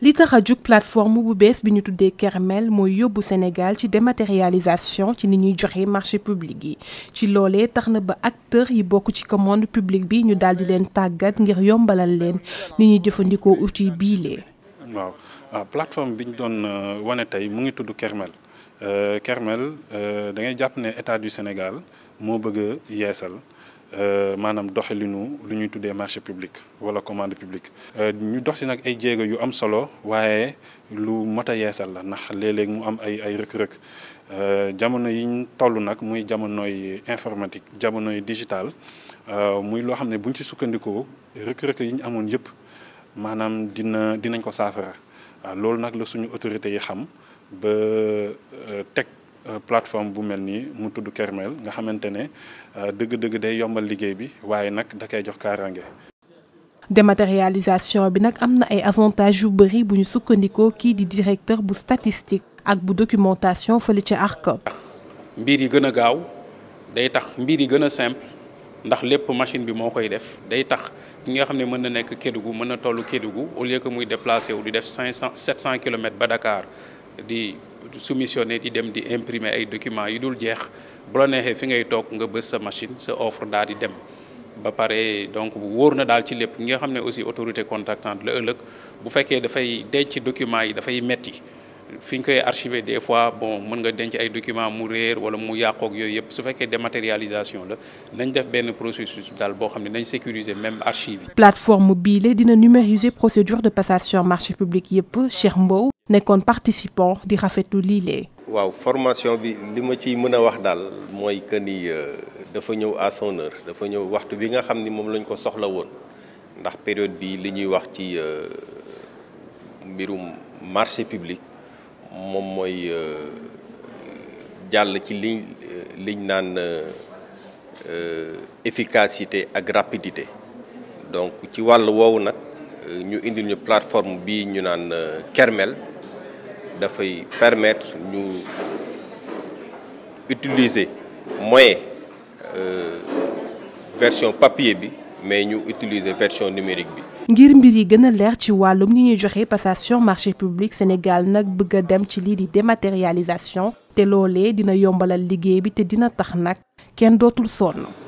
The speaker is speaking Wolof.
li tax a jug plateforme bu bees bi ñu tuddee Kermel mooy yóbbu Sénégal ci dématérialisation ci ni ñuy joxe marché public yi ci loole tax na ba acteurs yi bokk ci commande publique bi ñu daal di leen tàggat ngir yombalal leen ni ñuy jëfandikoo outil biile. waaw ah, plateforme bi ñu doon euh, wane tey mu ngi tudd Kermel euh, Kermel euh, da ngay jàpp ne état du Sénégal moo bëgg a yeesal. Euh, maanaam doxalinu lu ñuy tuddee marché public wala commande publique. Euh, ñu dox si nag ay jéego yu am solo waaye lu mot a yeesal la ndax léeg mu am ay ay rëkk-rëkk euh, jamono yiñ toll nag muy jamonoy informatique jamonoy digital muy loo xam ne buñ ci sukkandikoo rëkk-rëkk yi ñu amoon yëpp maanaam dina dinañ ko saafara waaw loolu nag la suñu autorité yi xam ba teg. plateforme bu mel nii mu tudd Kermel nga xamante ne euh, dëgg-dëgg day yombal liggéey bi waaye nag da koy jox kaaraange. dématérialisation bi nag am na ay avantages yu bëri bu ñu sukkandikoo kii di directeur bu statistique ak bu documentation fële ci ARCOP. mbir yi gën a gaaw day tax mbir yi gën a simple ndax lépp machine bi moo koy def day tax ki nga xam ne mën na nekk Kédougou mën na toll Kédougou au lieu que muy déplacé wu di def cinq cent sept cent kilomètres ba Dakar di. soumissionné di dem di imprimer ay documents yu dul jeex bu la neexee fi ngay toog nga bës sa machine sa offre daal di dem ba pare donc wóor na daal ci lépp nga xam ne aussi autorité contactante la ëllëg bu fekkee dafay denc documents yi dafay metti fi ñu koy archiver des fois bon mën nga denc ay documents mu réer wala mu yàqoog yooyu yëpp su fekkee dématérialisation la nañ def benn processus daal boo xam ne nañ sécuriser même archive yi. plateforme bii dina numériser procédure nekkoon participant di rafetu lii waaw formation bi li ma ciy mën a wax daal mooy que ni euh, dafa ñëw à son dafa ñëw waxtu bi nga xam ni moom lañ ko soxla woon ndax période bi li ñuy wax ci euh, mbirum marché public moom mooy euh, jàll ci li liñ liñ naan efficacité ak rapidité donc ci wàll woowu nag ñu indil ñu plateforme bi ñu naan Kermel dafay permettre ñu utiliser moyen euh, version papier bi mais ñu utiliser version numérique bi. ngir mbir yi gën a leer ci wàllum ni ñuy joxe passation marché public Sénégal nag bëgg a dem ci lii di dématérialisation te loolee dina yombalal liggéey bi te dina tax nag kenn dootul sonn.